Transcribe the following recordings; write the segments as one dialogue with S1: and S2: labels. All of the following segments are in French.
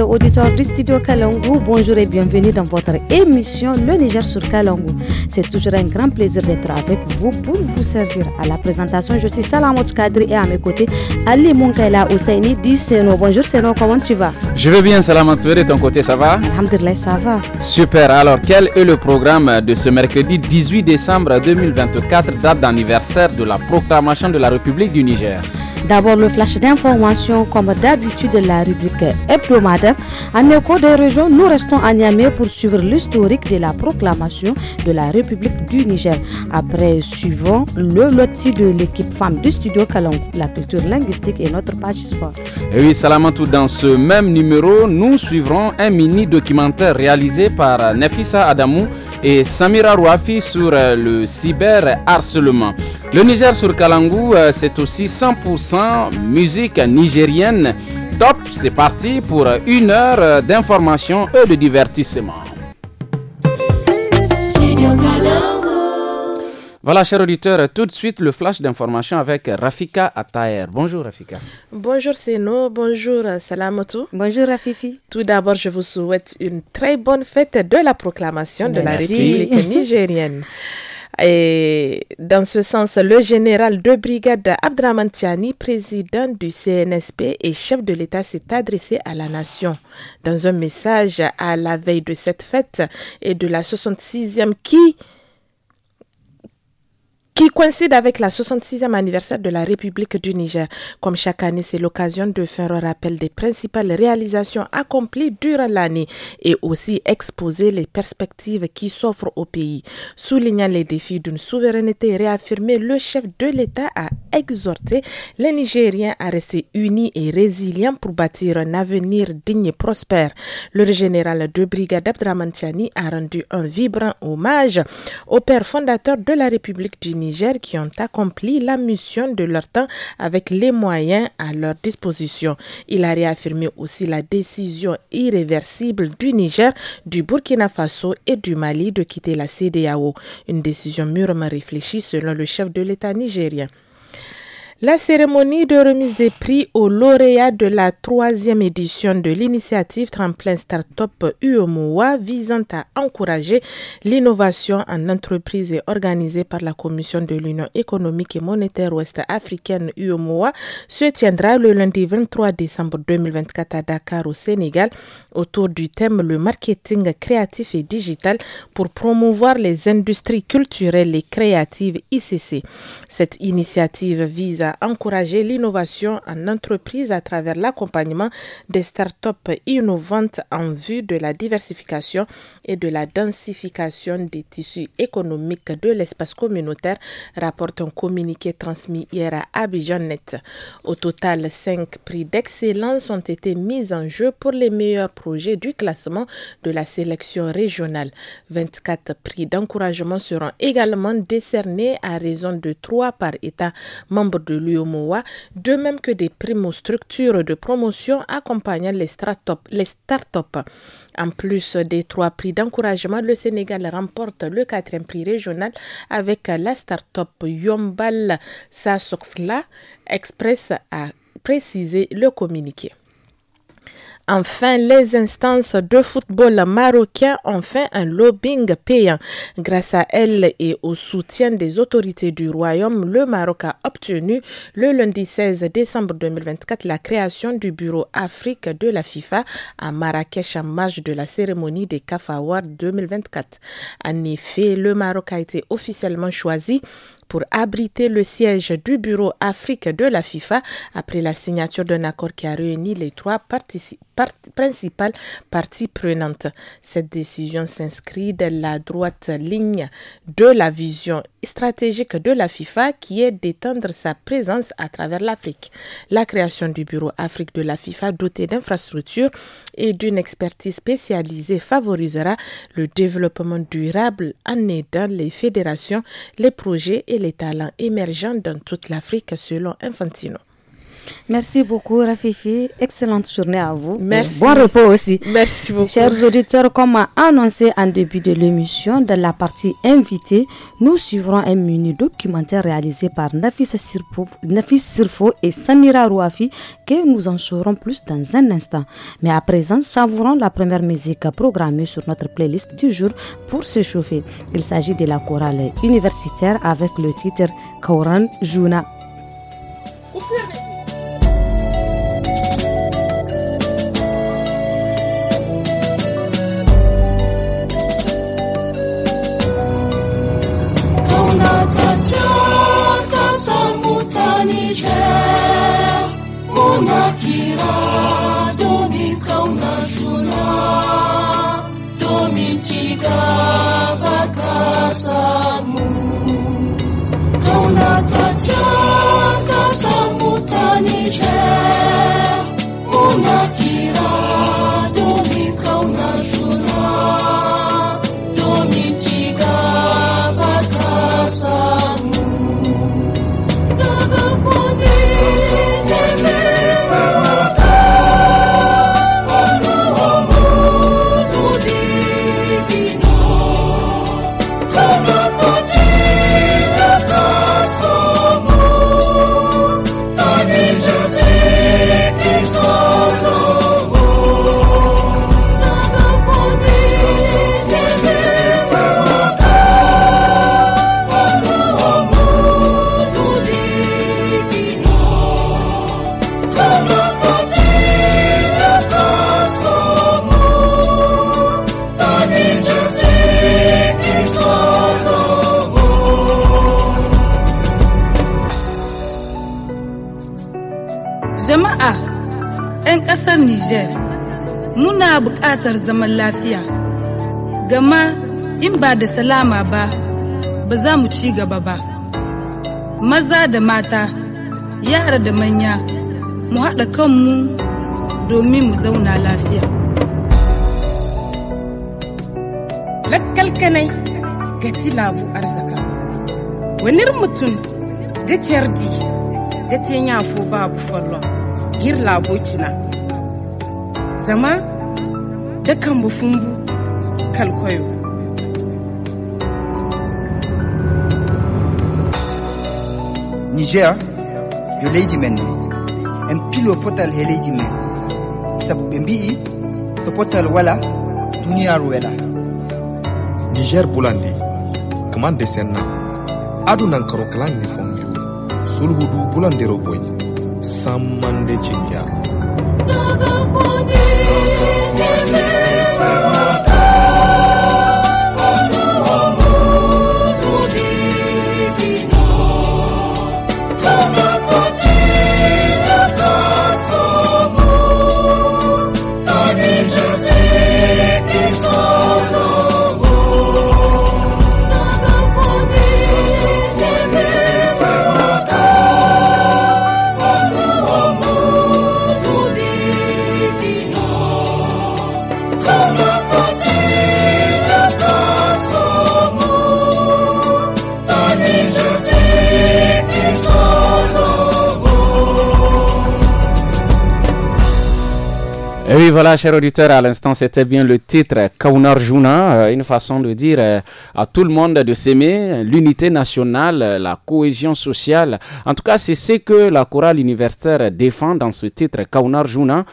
S1: Auditeur auditeurs du studio Kalangou, bonjour et bienvenue dans votre émission Le Niger sur Kalangou. C'est toujours un grand plaisir d'être avec vous pour vous servir. À la présentation, je suis Salamot Kadri et à mes côtés, Ali Munkaila Ousseini dit Seno. Bonjour Seno, comment tu vas
S2: Je vais bien Salamot, de ton côté, ça va
S1: Alhamdulillah, ça va.
S2: Super, alors quel est le programme de ce mercredi 18 décembre 2024, date d'anniversaire de la proclamation de la République du Niger
S1: D'abord le flash d'information comme d'habitude la rubrique hebdomadaire. En écho des régions, nous restons à Niamey pour suivre l'historique de la proclamation de la République du Niger. Après, suivons le loti de l'équipe femme du studio Calon, la culture linguistique et notre page sport.
S2: Et eh oui, tout. dans ce même numéro, nous suivrons un mini documentaire réalisé par Nefissa Adamou et Samira Rouafi sur euh, le cyberharcèlement. Le Niger sur Kalangou, euh, c'est aussi 100% musique nigérienne. Top, c'est parti pour une heure euh, d'information et de divertissement. Voilà, chers auditeurs, tout de suite le flash d'information avec Rafika Ataer. Bonjour Rafika.
S3: Bonjour Seno, bonjour Salamotu. Bonjour Rafifi. Tout d'abord, je vous souhaite une très bonne fête de la proclamation de la République nigérienne. Et dans ce sens, le général de brigade Abdramantiani, président du CNSP et chef de l'État, s'est adressé à la nation. Dans un message à la veille de cette fête et de la 66e qui qui coïncide avec la 66e anniversaire de la République du Niger. Comme chaque année, c'est l'occasion de faire un rappel des principales réalisations accomplies durant l'année et aussi exposer les perspectives qui s'offrent au pays. Soulignant les défis d'une souveraineté réaffirmée, le chef de l'État a exhorté les Nigériens à rester unis et résilients pour bâtir un avenir digne et prospère. Le général de brigade Abdramantiani a rendu un vibrant hommage au père fondateur de la République du Niger Niger qui ont accompli la mission de leur temps avec les moyens à leur disposition. Il a réaffirmé aussi la décision irréversible du Niger, du Burkina Faso et du Mali de quitter la CDAO, une décision mûrement réfléchie selon le chef de l'État nigérien. La cérémonie de remise des prix aux lauréats de la troisième édition de l'initiative Tremplin Startup UOMOA visant à encourager l'innovation en entreprise et organisée par la Commission de l'Union économique et monétaire ouest africaine UOMOA se tiendra le lundi 23 décembre 2024 à Dakar au Sénégal autour du thème le marketing créatif et digital pour promouvoir les industries culturelles et créatives ICC. Cette initiative vise à encourager l'innovation en entreprise à travers l'accompagnement des start-up innovantes en vue de la diversification et de la densification des tissus économiques de l'espace communautaire, rapporte un communiqué transmis hier à Abidjan Au total, cinq prix d'excellence ont été mis en jeu pour les meilleurs projets du classement de la sélection régionale. 24 prix d'encouragement seront également décernés à raison de trois par État membre de de même que des primo structures de promotion accompagnant les startups. En plus des trois prix d'encouragement, le Sénégal remporte le quatrième prix régional avec la start-up Yombal Sasoxla Express, a précisé le communiqué. Enfin, les instances de football marocain ont fait un lobbying payant. Grâce à elles et au soutien des autorités du royaume, le Maroc a obtenu le lundi 16 décembre 2024 la création du bureau Afrique de la FIFA à Marrakech en marge de la cérémonie des CAF Awards 2024. En effet, le Maroc a été officiellement choisi pour abriter le siège du bureau Afrique de la FIFA après la signature d'un accord qui a réuni les trois participants principale partie prenante. Cette décision s'inscrit dans la droite ligne de la vision stratégique de la FIFA qui est d'étendre sa présence à travers l'Afrique. La création du bureau Afrique de la FIFA doté d'infrastructures et d'une expertise spécialisée favorisera le développement durable en aidant les fédérations, les projets et les talents émergents dans toute l'Afrique selon Infantino.
S1: Merci beaucoup, Rafifi. Excellente journée à vous. Merci. bon repos aussi. Merci beaucoup. Chers auditeurs, comme annoncé en début de l'émission, dans la partie invitée, nous suivrons un mini documentaire réalisé par Nafis Sirfo, et Samira Rouafi, que nous en saurons plus dans un instant. Mais à présent, savourons la première musique programmée sur notre playlist du jour pour se chauffer. Il s'agit de la chorale universitaire avec le titre Kauran Juna.
S4: in ba da salama ba ba za mu ci gaba ba maza da mata yara da manya mu haɗa kanmu domin mu zauna lafiya lakkalkanai gati labu arzaka wanir mutum gaciyar di gatin
S3: yafo babu fallo gir labocina zama
S5: da kan bufumbu
S6: kalkwayo niger yo leydi
S7: men ni en pilo potal e leydi men sabu ɓe mbi'i to
S6: potal wala duniyaaru wela niger bulandi kamande senna adunan karo kalanni fongiru sulhudu bulandero boy
S8: sammande cinja
S2: voilà, cher auditeur, à l'instant, c'était bien le titre Kaunar Juna, euh, une façon de dire euh, à tout le monde de s'aimer, l'unité nationale, la cohésion sociale. En tout cas, c'est ce que la chorale universitaire défend dans ce titre Kaunar Juna.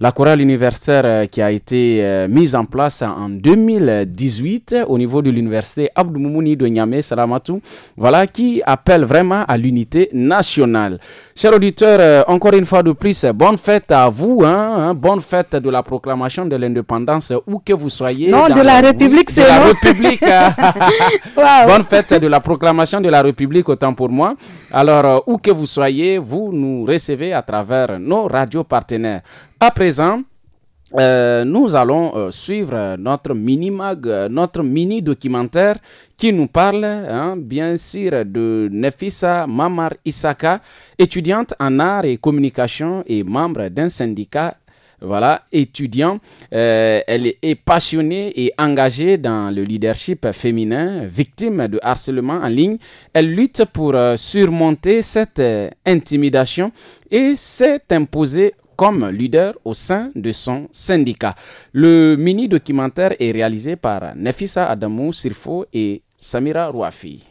S2: La chorale universitaire euh, qui a été euh, mise en place en 2018 au niveau de l'université Abdou Moumouni de Niamey, Salamatou, voilà, qui appelle vraiment à l'unité nationale. Chers auditeurs, euh, encore une fois de plus, bonne fête à vous, hein, hein, bonne fête de la proclamation de l'indépendance, où que vous soyez. Non, de la, République, c'est la République. Bonne fête de la proclamation de la République, autant pour moi. Alors, où que vous soyez, vous nous recevez à travers nos radios partenaires. À présent, euh, nous allons euh, suivre notre mini mag, euh, notre mini documentaire qui nous parle hein, bien sûr de Nefissa Mamar Isaka, étudiante en art et communication et membre d'un syndicat voilà, étudiant. elle est passionnée et engagée dans le leadership féminin, victime de harcèlement en ligne. Elle lutte pour surmonter cette intimidation et s'est imposée comme leader au sein de son syndicat. Le mini-documentaire est réalisé par Nefissa Adamou Sirfo et Samira Rouafi.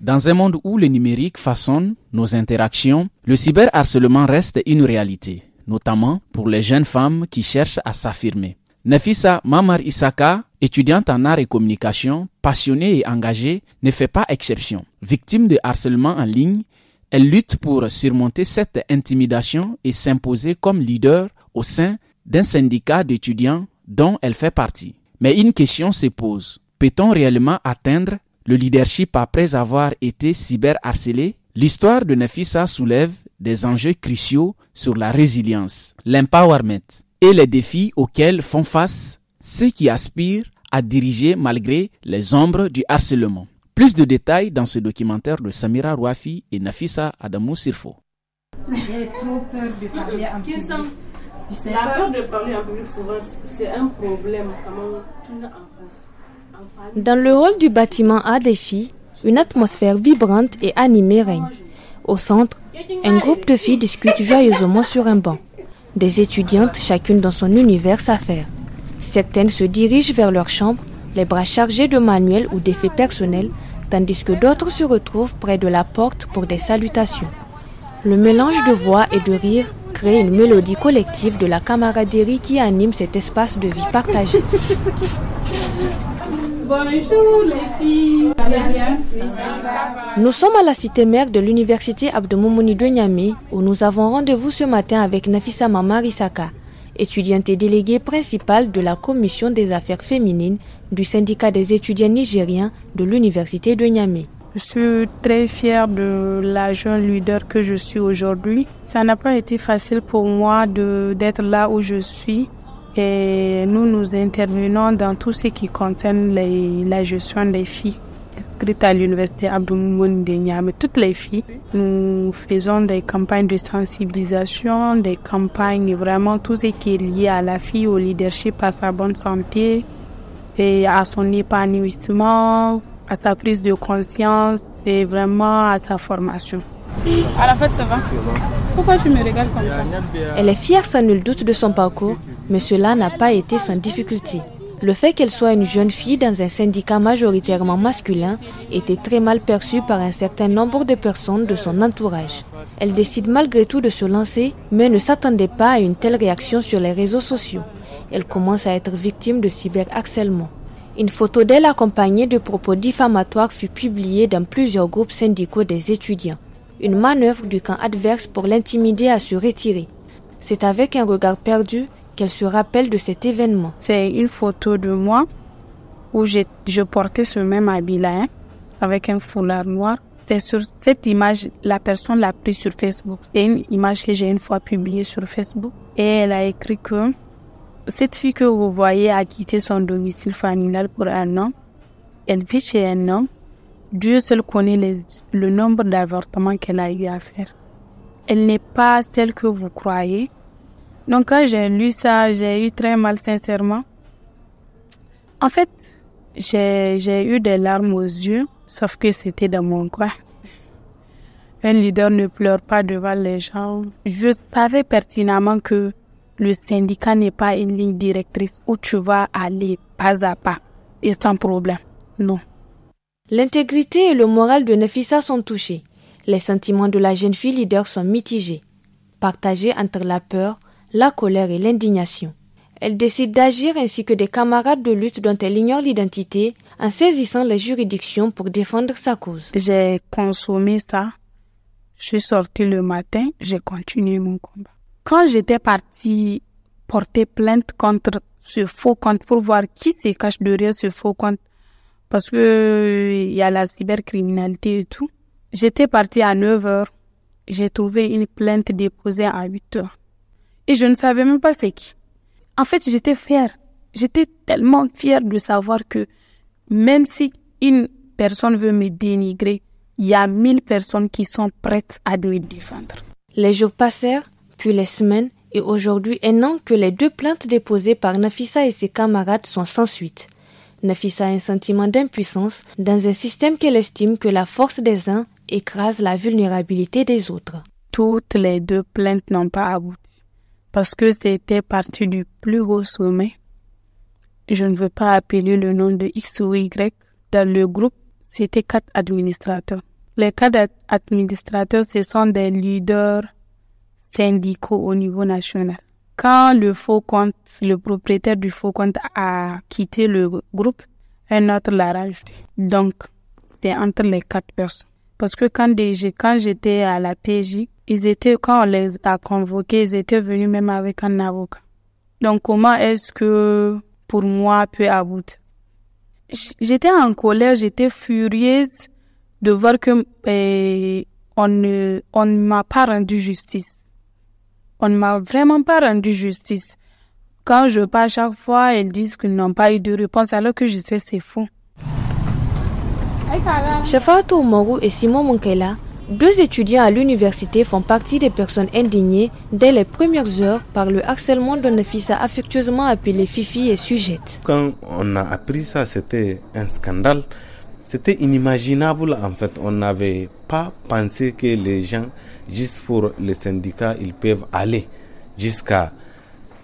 S2: Dans un monde où le numérique façonne nos interactions, le cyberharcèlement reste une réalité, notamment pour les jeunes femmes qui cherchent à s'affirmer. Nefissa Mamar Isaka, étudiante en art et communication, passionnée et engagée, ne fait pas exception. Victime de harcèlement en ligne, elle lutte pour surmonter cette intimidation et s'imposer comme leader au sein d'un syndicat d'étudiants dont elle fait partie. Mais une question se pose. Peut-on réellement atteindre le leadership après avoir été cyberharcelé L'histoire de Nefissa soulève des enjeux cruciaux sur la résilience, l'empowerment et les défis auxquels font face ceux qui aspirent à diriger malgré les ombres du harcèlement. Plus de détails dans ce documentaire de Samira Rouafi et Nafissa Adamou Sirfo.
S9: Dans le hall du bâtiment A des filles, une atmosphère vibrante et animée règne. Au centre, un groupe de filles discute joyeusement sur un banc. Des étudiantes, chacune dans son univers, faire Certaines se dirigent vers leur chambre, les bras chargés de manuels ou d'effets personnels, tandis que d'autres se retrouvent près de la porte pour des salutations. Le mélange de voix et de rire crée une mélodie collective de la camaraderie qui anime cet espace de vie partagée. Bonjour les filles. Nous sommes à la cité mère de l'université Moumouni de Niamey où nous avons rendez-vous ce matin avec Nafissa Mamarisaka, étudiante et déléguée principale de la commission des affaires féminines du syndicat des étudiants nigériens de l'université de Niamey. Je suis très fière de la jeune leader que je suis
S10: aujourd'hui. Ça n'a pas été facile pour moi d'être là où je suis et nous nous intervenons dans tout ce qui concerne la gestion des filles inscrites à l'université Abdoumoun de Niamey. Toutes les filles, nous faisons des campagnes de sensibilisation, des campagnes vraiment tout ce qui est lié à la fille, au leadership, à sa bonne santé, et à son épanouissement, à sa prise de conscience et vraiment à sa formation. ça va
S9: Pourquoi tu me regardes comme ça Elle est fière sans nul doute de son parcours, mais cela n'a pas été sans difficulté. Le fait qu'elle soit une jeune fille dans un syndicat majoritairement masculin était très mal perçu par un certain nombre de personnes de son entourage. Elle décide malgré tout de se lancer, mais ne s'attendait pas à une telle réaction sur les réseaux sociaux. Elle commence à être victime de cyberharcèlement. Une photo d'elle accompagnée de propos diffamatoires fut publiée dans plusieurs groupes syndicaux des étudiants. Une manœuvre du camp adverse pour l'intimider à se retirer. C'est avec un regard perdu qu'elle se rappelle de cet événement. C'est une photo de moi où je, portais ce même habit-là, hein,
S10: avec un foulard noir. C'est sur cette image, la personne l'a prise sur Facebook. C'est une image que j'ai une fois publiée sur Facebook. Et elle a écrit que cette fille que vous voyez a quitté son domicile familial pour un an. Elle vit chez un homme. Dieu seul connaît le nombre d'avortements qu'elle a eu à faire. Elle n'est pas celle que vous croyez. Donc quand j'ai lu ça, j'ai eu très mal sincèrement. En fait, j'ai eu des larmes aux yeux, sauf que c'était dans mon coin. Un leader ne pleure pas devant les gens. Je savais pertinemment que le syndicat n'est pas une ligne directrice
S9: où tu vas aller pas à pas et sans problème. Non. L'intégrité et le moral de Nefissa sont touchés. Les sentiments de la jeune fille leader sont mitigés, partagés entre la peur, la colère et l'indignation. Elle décide d'agir ainsi que des camarades de lutte dont elle ignore l'identité en saisissant la juridiction pour défendre sa cause. J'ai consommé ça. Je suis sortie le matin,
S10: j'ai continué mon combat. Quand j'étais partie porter plainte contre ce faux compte pour voir qui se cache derrière ce faux compte, parce que euh, il y a la cybercriminalité et tout, j'étais partie à 9 h J'ai trouvé une plainte déposée à 8 heures. Et je ne savais même pas c'est qui. En fait, j'étais fière. J'étais tellement fière de savoir que même si une personne
S9: veut me dénigrer, il y a mille personnes qui sont prêtes à me défendre. Les jours passèrent, puis les semaines, et aujourd'hui un an que les deux plaintes déposées par Nafissa et ses camarades sont sans suite. Nafissa a un sentiment d'impuissance dans un système qu'elle estime que la force des uns écrase la vulnérabilité des autres. Toutes
S10: les deux plaintes n'ont pas abouti parce que c'était parti du plus haut sommet. Je ne veux pas appeler le nom de X ou Y. Dans le groupe, c'était quatre administrateurs. Les quatre administrateurs, ce sont des leaders syndicaux au niveau national. Quand le faux compte, le propriétaire du faux compte a quitté le groupe, un autre l'a rajouté. Donc, c'est entre les quatre personnes. Parce que quand, quand j'étais à la PJ, ils étaient, quand on les a convoqués, ils étaient venus même avec un avocat. Donc, comment est-ce que pour moi peut aboutir? J'étais en colère, j'étais furieuse de voir que eh, on ne on m'a pas rendu justice. On ne m'a vraiment pas rendu justice. Quand je à chaque fois, ils disent qu'ils n'ont pas eu de réponse alors que je sais c'est faux.
S9: Mogu et Simon Munkela deux étudiants à l'université font partie des personnes indignées dès les premières heures par le harcèlement d'un fils affectueusement appelé
S8: Fifi et sujette. Quand on a appris ça, c'était un scandale. C'était inimaginable en fait. On n'avait pas pensé que les gens, juste pour le syndicat ils peuvent aller jusqu'à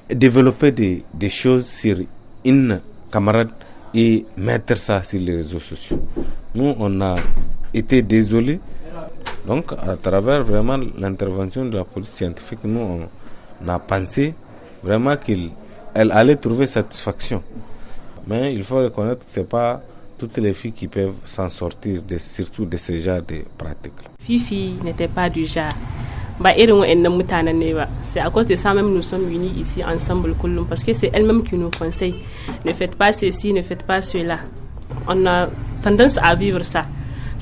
S8: développer des, des choses sur une camarade et mettre ça sur les réseaux sociaux. Nous, on a été désolés donc, à travers vraiment l'intervention de la police scientifique, nous, on, a pensé vraiment qu'elle allait trouver satisfaction. Mais il faut reconnaître que ce n'est pas toutes les filles qui peuvent s'en sortir, de, surtout de ce genre de pratiques.
S5: Fifi n'était pas du genre. Bah,
S10: c'est à cause de ça même nous sommes unis ici ensemble, parce que c'est elle-même qui nous conseille. Ne faites pas ceci, ne faites pas cela. On a tendance à vivre ça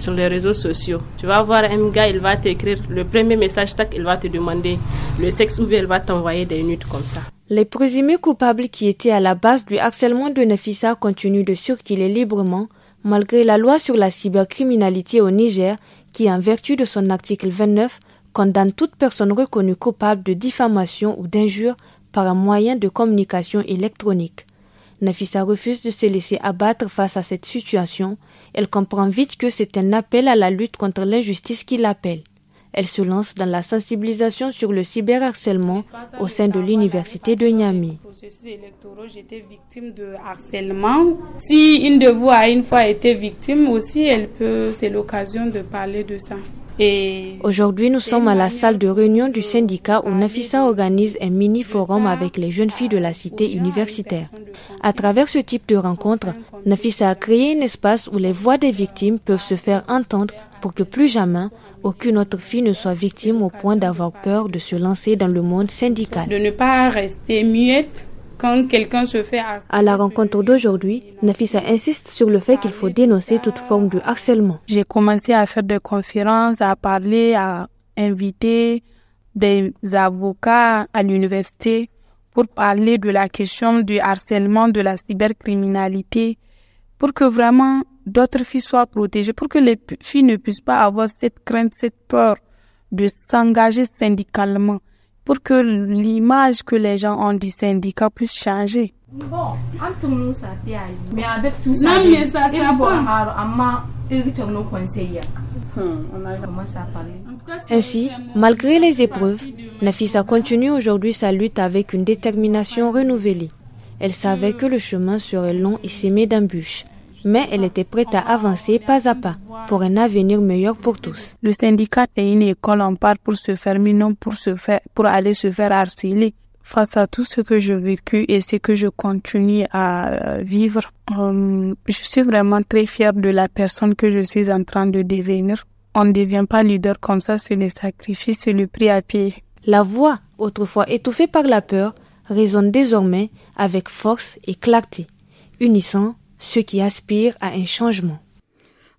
S10: sur les réseaux sociaux. Tu vas voir un gars, il va t'écrire le premier message, tac, il va te
S5: demander le sexe ou il va t'envoyer des nudes comme ça.
S9: Les présumés coupables qui étaient à la base du harcèlement de Nefissa continuent de circuler librement malgré la loi sur la cybercriminalité au Niger qui, en vertu de son article 29, condamne toute personne reconnue coupable de diffamation ou d'injure par un moyen de communication électronique. Nafissa refuse de se laisser abattre face à cette situation elle comprend vite que c'est un appel à la lutte contre l'injustice qui l'appelle. Elle se lance dans la sensibilisation sur le cyberharcèlement au sein de l'université de Niamey.
S10: Si une de vous a une fois été victime aussi, elle peut, c'est l'occasion de parler de ça.
S9: Aujourd'hui, nous sommes à la salle de réunion du syndicat où Nafissa organise un mini-forum avec les jeunes filles de la cité universitaire. À travers ce type de rencontre, Nafissa a créé un espace où les voix des victimes peuvent se faire entendre pour que plus jamais aucune autre fille ne soit victime au point d'avoir peur de se lancer dans le monde syndical. De ne pas rester muette quand quelqu'un se fait harceler. À la rencontre d'aujourd'hui, Nafisa insiste sur le fait qu'il faut dénoncer toute forme de harcèlement. J'ai commencé à faire des conférences, à parler, à inviter
S10: des avocats à l'université pour parler de la question du harcèlement, de la cybercriminalité pour que vraiment d'autres filles soient protégées, pour que les filles ne puissent pas avoir cette crainte, cette peur de s'engager syndicalement, pour que l'image que les gens ont du syndicat puisse changer.
S9: ainsi, malgré les épreuves, Nafisa continue aujourd'hui sa lutte avec une détermination renouvelée. Elle savait que le chemin serait long et semé d'embûches mais elle était prête à avancer pas à pas pour un avenir meilleur pour tous. Le syndicat, et une école, en part pour se fermer, non pour,
S10: se faire, pour aller se faire harceler. Face à tout ce que j'ai vécu et ce que je continue à euh, vivre, euh, je suis vraiment très fière de la personne que je suis en train de devenir. On ne devient pas leader comme ça, c'est le sacrifice, et le prix à payer.
S9: La voix, autrefois étouffée par la peur, résonne désormais avec force et clarté, unissant ceux qui aspirent à un changement.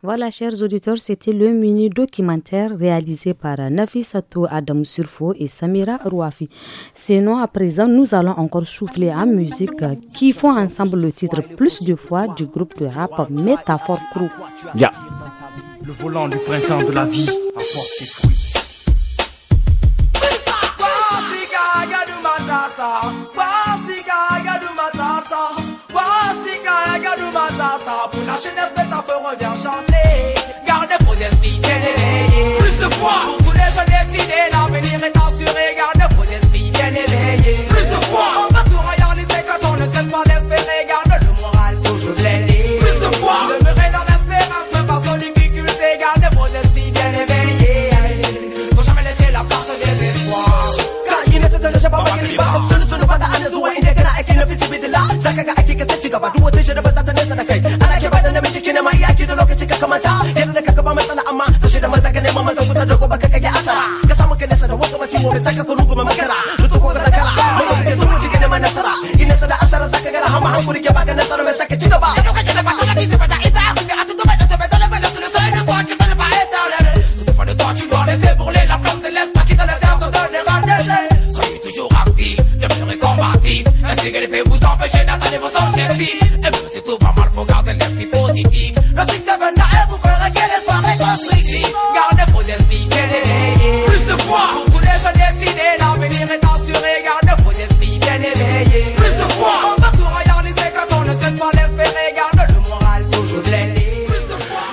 S9: Voilà,
S1: chers auditeurs, c'était le mini documentaire réalisé par Nafi Sato Adam Surfo et Samira Rouafi. Sinon, à présent, nous allons encore souffler à musique qui font ensemble le titre plus de fois du groupe de rap Métaphore Crew.
S11: Le volant du printemps de la vie apporte
S12: matasa wasika yaga du matasa wasika yaga matasa pour la jeunesse de ta feu revient chanter gardez vos esprits plus de foi pour tous les jeunes décidés l'avenir est assuré gardez ka sai gaba duk wata ba za ta nesa da kai ana ke bada namiji ki nema iyaki da lokaci ka kamanta yana da kaka ba matsala amma ka shirya maza ka nema maza kuta da gobe ka kage asara ka samu ka nesa da wata masibo mai saka ka rugume makara da tuko ka sakala mai suke tuni nasara ina da asara zaka gara hama hankuri ke baka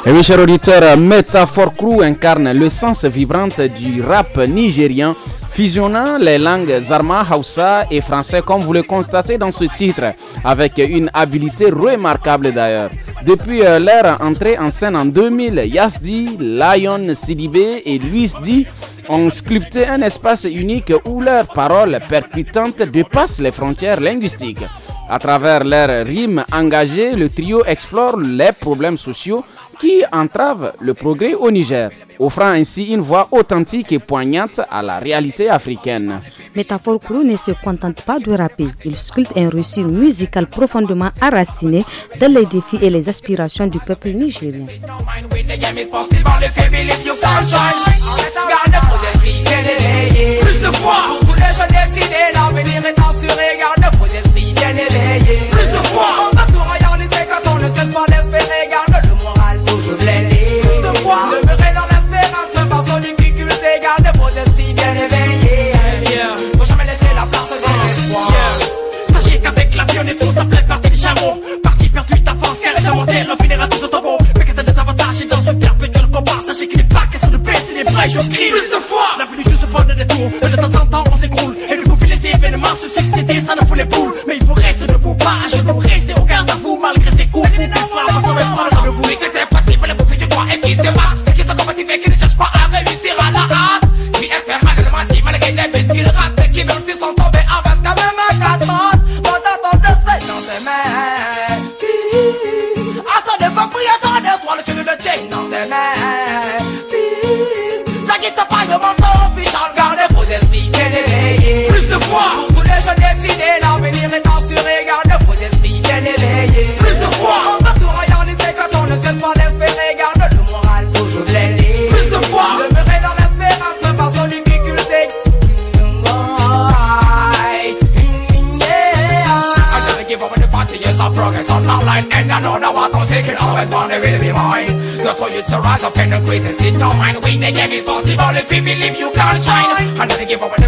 S8: Et eh oui, cher
S2: auditeur, Métaphore Crew incarne le sens vibrant du rap nigérien, fusionnant les langues Zarma, Hausa et français, comme vous le constatez dans ce titre, avec une habileté remarquable d'ailleurs. Depuis euh, leur entrée en scène en 2000, Yazdi, Lion Silibé et Luis ont sculpté un espace unique où leurs paroles percutantes dépassent les frontières linguistiques. À travers leurs rimes engagées, le trio explore les problèmes sociaux qui entrave le progrès au Niger, offrant ainsi une voix authentique et poignante à la réalité africaine.
S1: Métaphore Crew ne se contente pas de rapper, il sculpte un reçu musical profondément enraciné dans les défis et les aspirations du peuple nigérien.
S12: Plus de on ne cesse pas give up.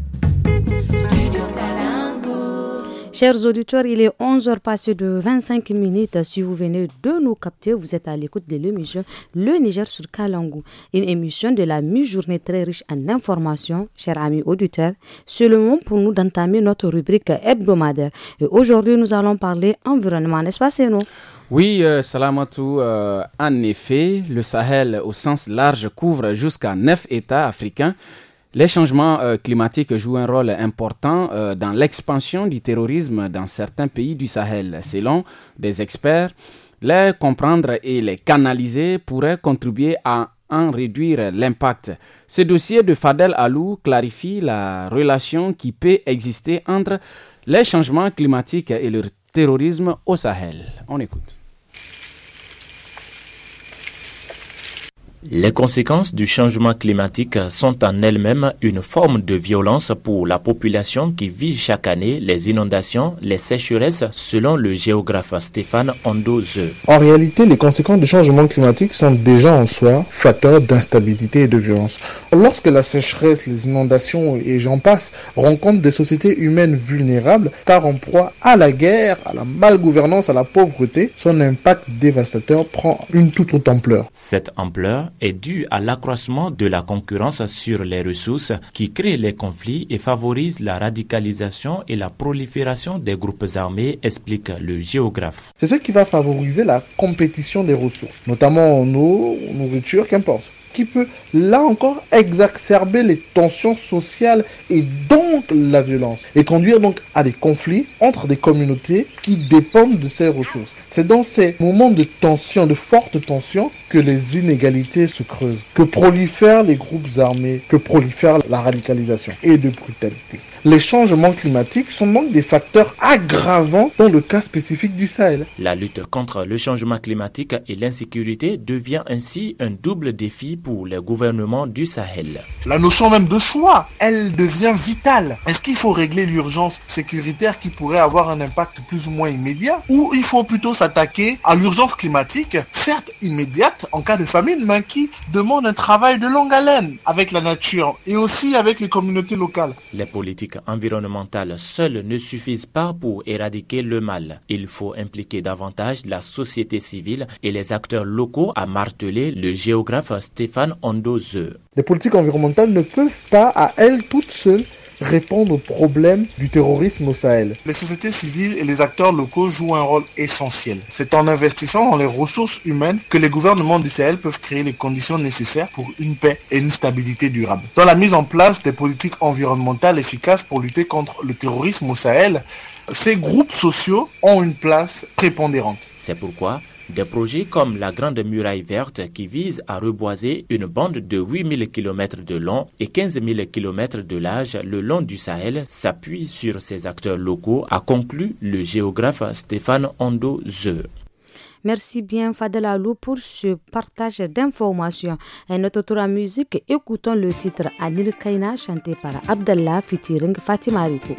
S9: Chers auditeurs, il est 11h passé de
S1: 25 minutes. Si vous venez de nous capter, vous êtes à l'écoute de l'émission Le Niger sur Kalangou, une émission de la mi-journée très riche en informations. Chers amis auditeurs, c'est le moment pour nous d'entamer notre rubrique hebdomadaire. Et aujourd'hui, nous allons parler environnement, n'est-ce pas, nous
S2: oui, salam euh, Salamatou, euh, en effet, le Sahel au sens large couvre jusqu'à neuf États africains les changements euh, climatiques jouent un rôle important euh, dans l'expansion du terrorisme dans certains pays du Sahel. Selon des experts, les comprendre et les canaliser pourrait contribuer à en réduire l'impact. Ce dossier de Fadel Alou clarifie la relation qui peut exister entre les changements climatiques et le terrorisme au Sahel. On écoute.
S11: Les conséquences du changement climatique sont en elles-mêmes une forme de violence pour la population qui vit chaque année les inondations, les sécheresses, selon le géographe Stéphane Andoze.
S13: En réalité, les conséquences du changement climatique sont déjà en soi facteurs d'instabilité et de violence. Lorsque la sécheresse, les inondations et j'en passe rencontrent des sociétés humaines vulnérables, car en proie à la guerre, à la malgouvernance, à la pauvreté, son impact dévastateur prend une toute autre ampleur.
S11: Cette ampleur est dû à l'accroissement de la concurrence sur les ressources qui crée les conflits et favorise la radicalisation et la prolifération des groupes armés, explique le géographe.
S13: C'est ce qui va favoriser la compétition des ressources, notamment en eau, nourriture, qu'importe qui peut, là encore, exacerber les tensions sociales et donc la violence, et conduire donc à des conflits entre des communautés qui dépendent de ces ressources. C'est dans ces moments de tension, de forte tension, que les inégalités se creusent, que prolifèrent les groupes armés, que prolifère la radicalisation et de brutalité les changements climatiques sont donc des facteurs aggravants dans le cas spécifique du Sahel.
S11: La lutte contre le changement climatique et l'insécurité devient ainsi un double défi pour les gouvernements du Sahel. La notion même de choix, elle
S13: devient vitale. Est-ce qu'il faut régler l'urgence sécuritaire qui pourrait avoir un impact plus ou moins immédiat ou il faut plutôt s'attaquer à l'urgence climatique, certes immédiate en cas de famine, mais qui demande un travail de longue haleine avec la nature et aussi avec les communautés locales.
S11: Les politiques environnementales seules ne suffisent pas pour éradiquer le mal. Il faut impliquer davantage la société civile et les acteurs locaux, a martelé le géographe Stéphane Ondoze.
S13: Les politiques environnementales ne peuvent pas à elles toutes seules répondre aux problèmes du terrorisme au Sahel.
S11: Les sociétés civiles et les acteurs locaux jouent un rôle
S13: essentiel. C'est en investissant dans les ressources humaines que les gouvernements du Sahel peuvent créer les conditions nécessaires pour une paix et une stabilité durable. Dans la mise en place des politiques environnementales efficaces pour lutter contre le terrorisme au Sahel, ces groupes sociaux ont une place
S11: prépondérante. C'est pourquoi des projets comme la Grande Muraille Verte qui vise à reboiser une bande de 8000 km de long et 15 000 km de large le long du Sahel s'appuie sur ces acteurs locaux, a conclu le géographe Stéphane Ondo Zeu.
S1: Merci bien Fadel Alou pour ce partage d'informations. Et notre tour à musique, écoutons le titre Anir Kaina chanté par Abdallah featuring Fatima Rico.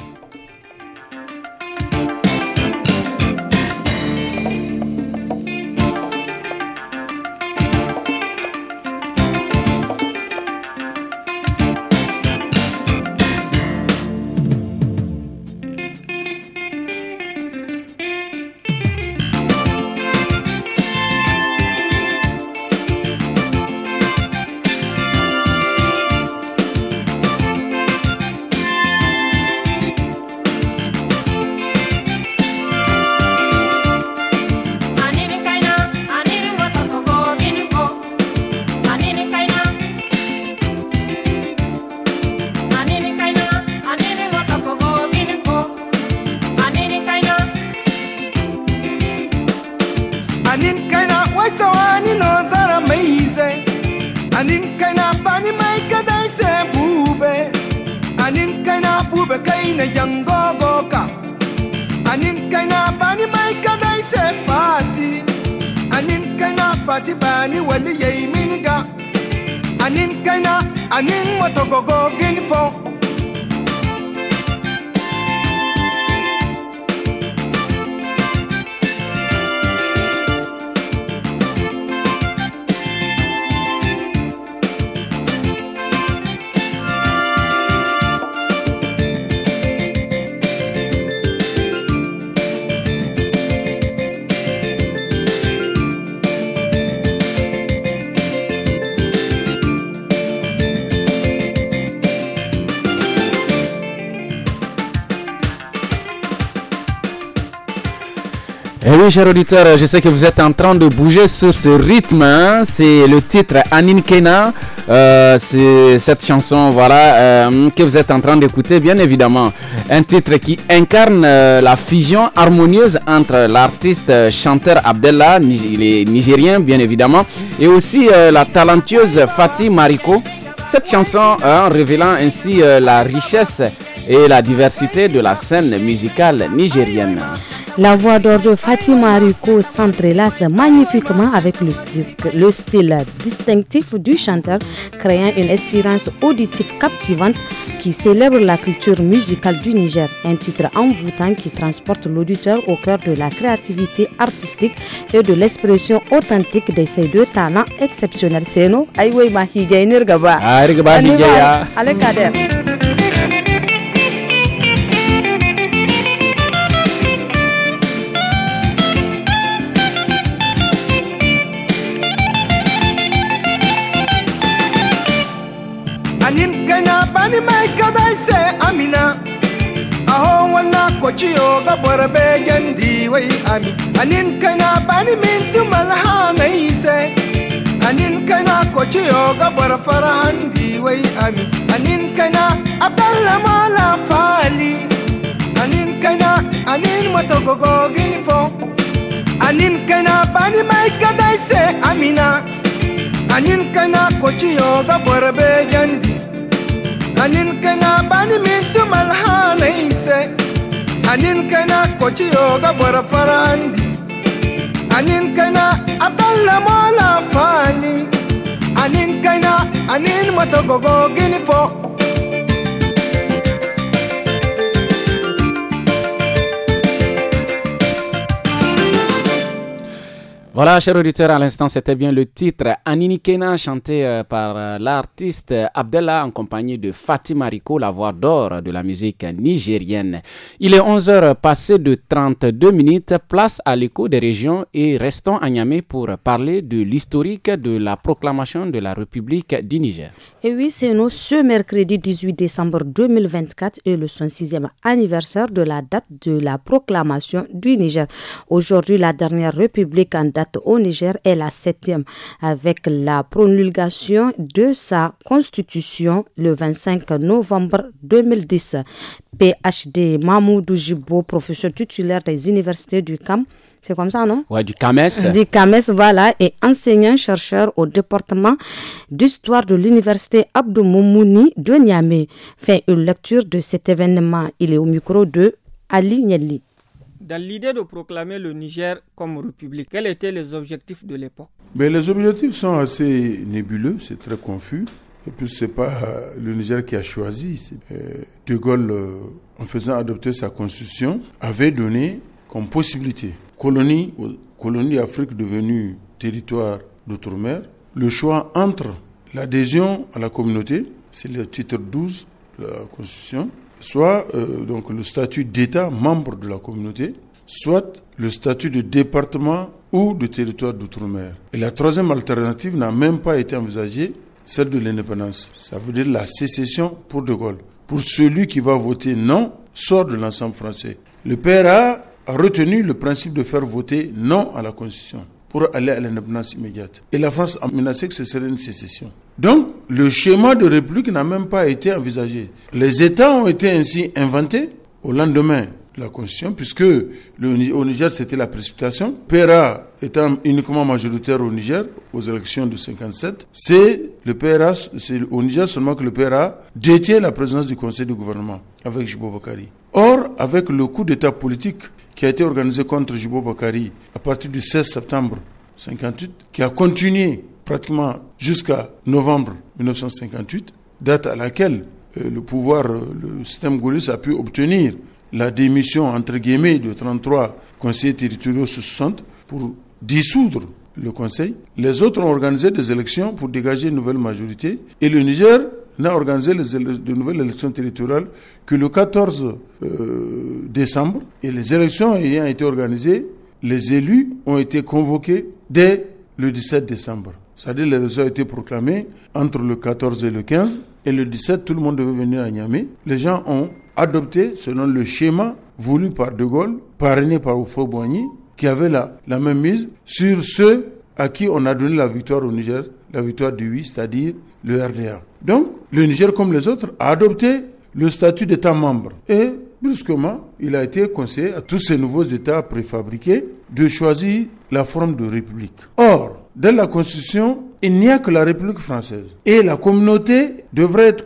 S7: i wali yei miniga anin kaina anin motogogo gin fo
S2: cher auditeur, je sais que vous êtes en train de bouger sur ce rythme. Hein. C'est le titre Anine Kena. Euh, c'est cette chanson voilà, euh, que vous êtes en train d'écouter, bien évidemment. Un titre qui incarne euh, la fusion harmonieuse entre l'artiste chanteur abdellah il est nigérien, bien évidemment, et aussi la talentueuse Fatih Mariko. Cette chanson, en hein, révélant ainsi la richesse et la diversité de la scène musicale nigérienne.
S1: La voix d'or de Fatima Ruko s'entrelace magnifiquement avec le style, distinctif du chanteur, créant une expérience auditive captivante qui célèbre la culture musicale du Niger. Un titre envoûtant qui transporte l'auditeur au cœur de la créativité artistique et de l'expression authentique de ces deux talents exceptionnels. Ah, allez Kader
S7: wani mai gadai sai amina aho wala ko ciyo ga barbe gendi wai ami anin kana bani mintu malha hanai sai anin kana ko ciyo ga bar farahandi wai ami anin kana aballa mala fali anin kana anin matogogo ginfo anin kana bani mai gadai sai amina anin kana ko ciyo ga barbe gendi anin kena bani min tumal hanayse anin kena kociyoga bora farandi anin kena a balla mola fani anin kena anin motogogogini fo
S2: Voilà, chers auditeurs, à l'instant, c'était bien le titre Anini chanté euh, par euh, l'artiste Abdella en compagnie de Fatima Rico, la voix d'or de la musique nigérienne. Il est 11h passé de 32 minutes, place à l'écho des régions et restons à Niamey pour parler de l'historique de la proclamation de la République du Niger.
S1: Et oui, c'est nous, ce mercredi 18 décembre 2024 et le 66 e anniversaire de la date de la proclamation du Niger. Aujourd'hui, la dernière République en date au Niger est la septième, avec la promulgation de sa constitution le 25 novembre 2010. PhD Mamoudou Jibo, professeur titulaire des universités du CAM, c'est comme ça, non
S2: Oui, du CAMES. Du
S1: CAMES, voilà, et enseignant-chercheur au département d'histoire de l'université Abdou de Niamey. Fait une lecture de cet événement. Il est au micro de Ali Niali
S6: dans l'idée de proclamer le Niger comme république. Quels étaient les objectifs de l'époque
S14: Mais Les objectifs sont assez nébuleux, c'est très confus. Et puis, ce n'est pas le Niger qui a choisi. Euh, de Gaulle, euh, en faisant adopter sa constitution, avait donné comme possibilité, colonie, colonie Afrique devenue territoire d'outre-mer, le choix entre l'adhésion à la communauté, c'est le titre 12 de la constitution, soit euh, donc le statut d'État membre de la communauté, soit le statut de département ou de territoire d'outre-mer. Et la troisième alternative n'a même pas été envisagée, celle de l'indépendance. Ça veut dire la sécession pour De Gaulle. Pour celui qui va voter non, sort de l'ensemble français. Le PRA a retenu le principe de faire voter non à la Constitution pour aller à l'indépendance immédiate. Et la France a menacé que ce serait une sécession. Donc, le schéma de république n'a même pas été envisagé. Les États ont été ainsi inventés au lendemain de la Constitution, puisque le, au Niger, c'était la précipitation. PRA étant uniquement majoritaire au Niger, aux élections de 57, c'est le PRA, c'est au Niger seulement que le PRA détient la présidence du Conseil du gouvernement avec Jibo Bakari. Or, avec le coup d'État politique qui a été organisé contre Jibo Bakari à partir du 16 septembre 58, qui a continué pratiquement jusqu'à novembre 1958, date à laquelle euh, le pouvoir, euh, le système gaulliste a pu obtenir la démission, entre guillemets, de 33 conseillers territoriaux sur 60 pour dissoudre le conseil. Les autres ont organisé des élections pour dégager une nouvelle majorité et le Niger n'a organisé les de nouvelles élections territoriales que le 14 euh, décembre. Et les élections ayant été organisées, les élus ont été convoqués dès le 17 décembre. C'est-à-dire les résultats ont été proclamés entre le 14 et le 15. Et le 17, tout le monde devait venir à Niamey. Les gens ont adopté, selon le schéma voulu par De Gaulle, parrainé par Oufo Boigny, qui avait la, la même mise sur ceux à qui on a donné la victoire au Niger, la victoire du 8, c'est-à-dire le RDA. Donc, le Niger, comme les autres, a adopté le statut d'État membre. Et, brusquement, il a été conseillé à tous ces nouveaux États préfabriqués de choisir la forme de république. Or, dans la Constitution, il n'y a que la République française. Et la communauté devrait être,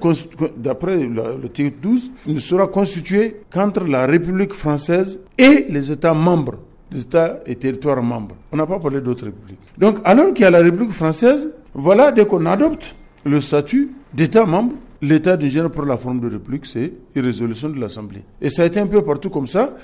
S14: d'après le titre 12, ne sera constituée qu'entre la République française et les États membres, les États et territoires membres. On n'a pas parlé d'autres républiques. Donc, alors qu'il y a la République française, voilà, dès qu'on adopte le statut d'État membre, l'État du pour la forme de république, c'est une résolution de l'Assemblée. Et ça a été un peu partout comme ça.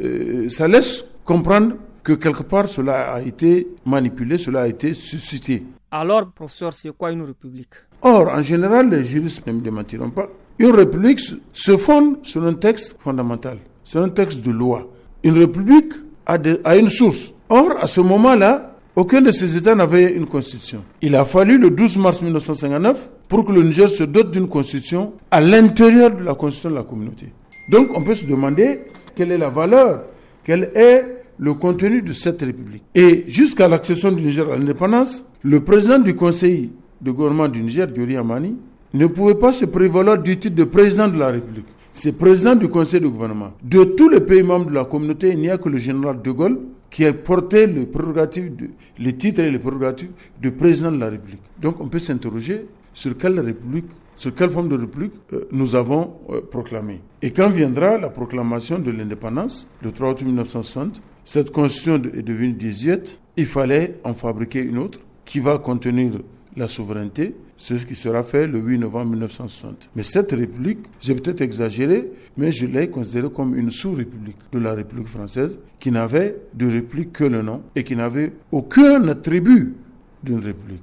S14: Euh, ça laisse comprendre que quelque part cela a été manipulé, cela a été suscité.
S15: Alors, professeur, c'est quoi une république
S14: Or, en général, les juristes ne me démentiront pas. Une république se fonde sur un texte fondamental, sur un texte de loi. Une république a, a une source. Or, à ce moment-là, aucun de ces États n'avait une constitution. Il a fallu le 12 mars 1959 pour que le Niger se dote d'une constitution à l'intérieur de la constitution de la communauté. Donc, on peut se demander quelle est la valeur, quelle est le contenu de cette République. Et jusqu'à l'accession du Niger à l'indépendance, le président du Conseil de gouvernement du Niger, Gori Amani, ne pouvait pas se prévaloir du titre de président de la République. C'est président du Conseil de gouvernement. De tous les pays membres de la communauté, il n'y a que le général de Gaulle qui a porté le prérogatives de, les titres et les prérogatives de président de la République. Donc on peut s'interroger sur quelle République, sur quelle forme de République euh, nous avons euh, proclamé. Et quand viendra la proclamation de l'indépendance, le 3 août 1960, cette constitution est devenue 18. Il fallait en fabriquer une autre qui va contenir la souveraineté. C'est ce qui sera fait le 8 novembre 1960. Mais cette république, j'ai peut-être exagéré, mais je l'ai considérée comme une sous-république de la République française qui n'avait de république que le nom et qui n'avait aucun attribut d'une république.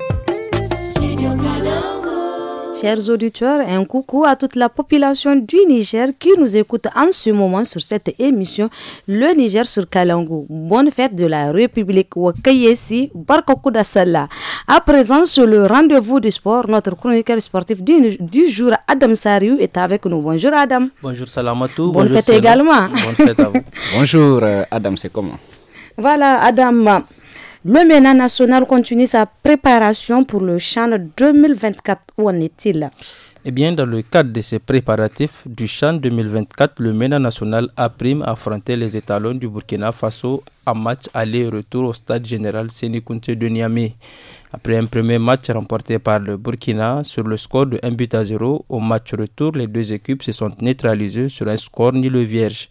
S1: Chers auditeurs, un coucou à toute la population du Niger qui nous écoute en ce moment sur cette émission Le Niger sur Kalangou. Bonne fête de la République Wakayesi, da Dassala. À présent, sur le rendez-vous du sport, notre chroniqueur sportif du, jour, Adam Sariou, est avec nous. Bonjour Adam.
S6: Bonjour Salamatou. Bonne fête
S1: également. Bonne
S2: fête à vous. Bonjour euh, Adam, c'est comment
S1: Voilà Adam. Le MENA national continue sa préparation pour le Chan 2024. Où en est-il
S6: eh bien, dans le cadre de ses préparatifs du Chan 2024, le MENA national a prime affronter les étalons du Burkina Faso en match aller-retour au stade général Sénécounté de Niamey. Après un premier match remporté par le Burkina sur le score de 1 but à 0, au match retour, les deux équipes se sont neutralisées sur un score ni le vierge.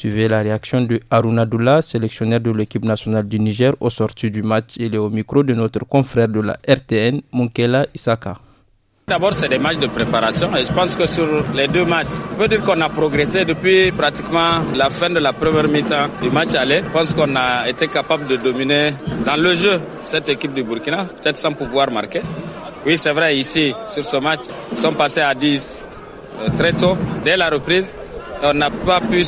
S6: Suivez la réaction de Aruna Doula, sélectionnaire de l'équipe nationale du Niger, au sorti du match. Il est au micro de notre confrère de la RTN, Munkela Isaka.
S2: D'abord, c'est des matchs de préparation et je pense que sur les deux matchs, on peut dire qu'on a progressé depuis pratiquement la fin de la première mi-temps du match aller. Je pense qu'on a été capable de dominer dans le jeu cette équipe du Burkina, peut-être sans pouvoir marquer. Oui, c'est vrai, ici, sur ce match, ils sont passés à 10 euh, très tôt, dès la reprise. on n'a pas pu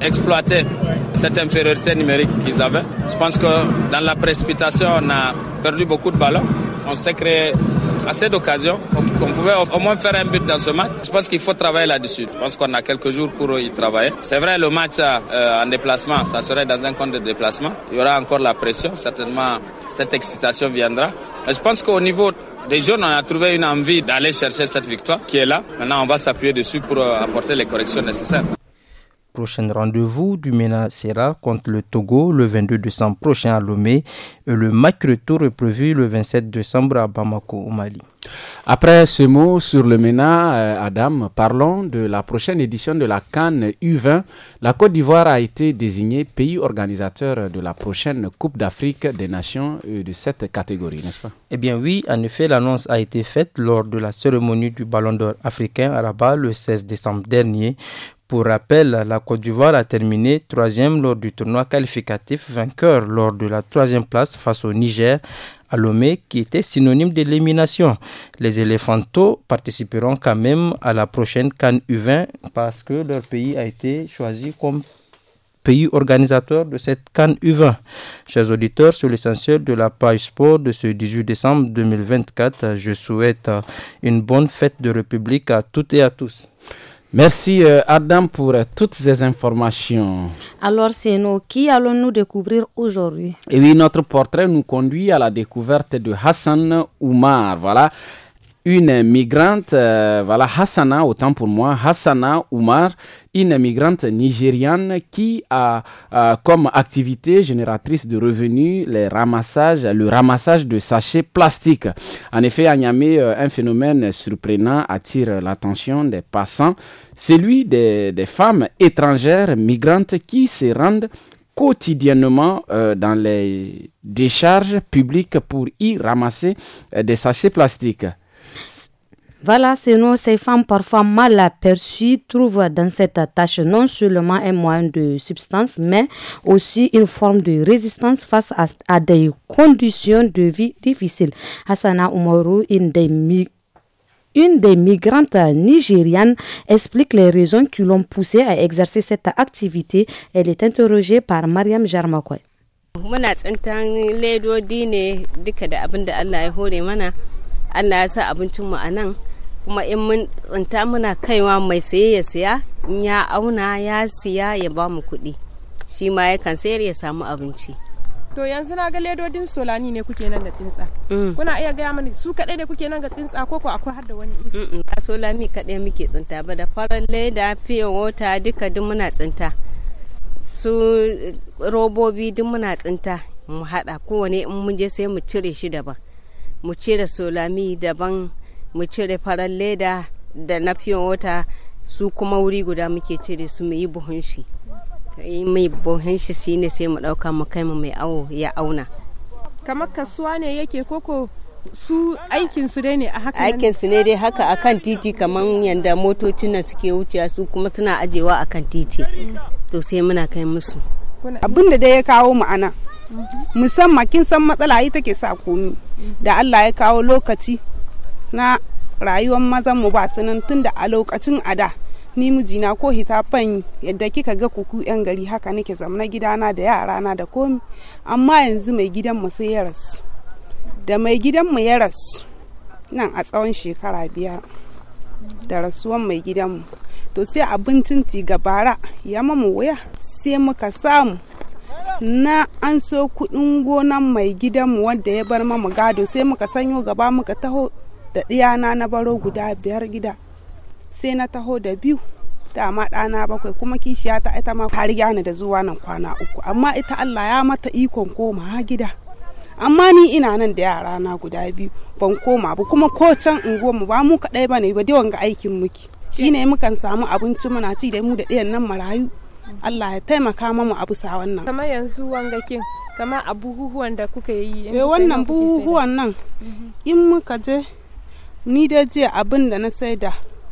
S2: exploiter cette infériorité numérique qu'ils avaient. Je pense que dans la précipitation, on a perdu beaucoup de ballons. On s'est créé assez d'occasions qu'on pouvait au moins faire un but dans ce match. Je pense qu'il faut travailler là-dessus. Je pense qu'on a quelques jours pour y travailler. C'est vrai, le match euh, en déplacement, ça serait dans un compte de déplacement. Il y aura encore la pression. Certainement, cette excitation viendra. je pense qu'au niveau des jeunes, on a trouvé une envie d'aller chercher cette victoire qui est là. Maintenant, on va s'appuyer dessus pour euh, apporter les corrections nécessaires
S6: prochain rendez-vous du MENA sera contre le Togo le 22 décembre prochain à Lomé et le match retour est prévu le 27 décembre à Bamako au Mali.
S2: Après ce mot sur le MENA, euh, Adam, parlons de la prochaine édition de la Cannes U20. La Côte d'Ivoire a été désignée pays organisateur de la prochaine Coupe d'Afrique des Nations euh, de cette catégorie, n'est-ce pas
S6: Eh bien oui, en effet, l'annonce a été faite lors de la cérémonie du Ballon d'Or africain à Rabat le 16 décembre dernier. Pour rappel, la Côte d'Ivoire a terminé troisième lors du tournoi qualificatif, vainqueur lors de la troisième place face au Niger à Lomé, qui était synonyme d'élimination. Les éléphantaux participeront quand même à la prochaine Cannes U20 parce que leur pays a été choisi comme pays organisateur de cette Cannes U20. Chers auditeurs, sur l'essentiel de la page sport de ce 18 décembre 2024, je souhaite une bonne fête de République à toutes et à tous. Merci euh, Adam pour euh, toutes ces informations.
S1: Alors c'est nous, qui allons-nous découvrir aujourd'hui
S2: Et oui, notre portrait nous conduit à la découverte de Hassan Oumar. Voilà une migrante, euh, voilà, Hassana, autant pour moi, Hassana Oumar, une migrante nigériane qui a euh, comme activité génératrice de revenus les ramassages, le ramassage de sachets plastiques. En effet, à euh, un phénomène surprenant attire l'attention des passants, celui des, femmes étrangères migrantes qui se rendent quotidiennement dans les décharges publiques pour y ramasser des sachets plastiques. Voilà,
S1: sinon ces femmes parfois mal aperçues trouvent dans cette tâche non seulement un moyen de substance, mais aussi une forme de résistance face à, des conditions de vie difficiles. Hassana Umaru, une des migrantes nigérianes explique les raisons qui l'ont poussée à exercer cette activité. Elle est interrogée par Mariam Jarmakwe.
S5: Allah ya sa abincin mu a nan kuma in mun tsinta muna kaiwa mai saye ya siya in ya auna ya siya ya ba mu kuɗi shi ma yakan sayar ya samu abinci
S10: to yanzu na ga ledodin solani ne
S5: kuke nan da tsintsa mm. kuna iya gaya mani su kaɗai ne kuke nan ga tsintsa ko ko akwai har da wani iri a solani kaɗai muke tsinta ba da farar leda fiye wota duka duk muna tsinta su robobi duk muna tsinta mu haɗa kowane in mun je sai mu cire shi daban mu cire solami daban mu cire farar leda da na fiyon wata su kuma wuri guda muke cire su mu yi buhun shi mai buhun shi shine sai mu dauka mu kai mu mai awo ya auna kamar kasuwa ne yake koko su aikin su dai ne a haka aikin su ne dai haka akan titi kamar yanda motocin nan suke wucewa su kuma suna ajewa akan titi to sai
S4: muna kai musu abin da dai ya kawo mu ana musamman kin san matsala yi take sa komi da Allah ya kawo lokaci na rayuwar mazan mu ba sanin tunda a lokacin ada ni mijina ko hitafan yadda kika ga kuku yan gari haka nake zamna gidana da yarana da komi amma yanzu mai gidan mu sai ya rasu da mai gidan mu ya rasu nan a tsawon shekara biyar da rasuwan mai gidanmu to sai abincin gabara ya mamu waya sai muka samu na an so kuɗin gonan mai gidanmu wanda ya bar mamu gado sai muka sanyo gaba muka taho da ɗiyana na baro guda biyar gida sai na taho da biyu dama ɗana bakwai kuma kishiya ta ita ma har ni da zuwa nan kwana uku amma ita Allah ya mata ikon koma gida amma ni ina nan da yara na guda biyu ban koma ba kuma ko can unguwarmu ba mu kaɗai ba ne ba dai wanga aikin muke shine mukan samu abinci muna ci da mu da ɗayan nan marayu Allah ya taimaka mamu a bisa wannan
S10: Kama yanzu wangakin kama a buhuhuwan da kuka yi eh wannan buhuhuwan
S4: nan in muka je ni dai jiya abin da na saida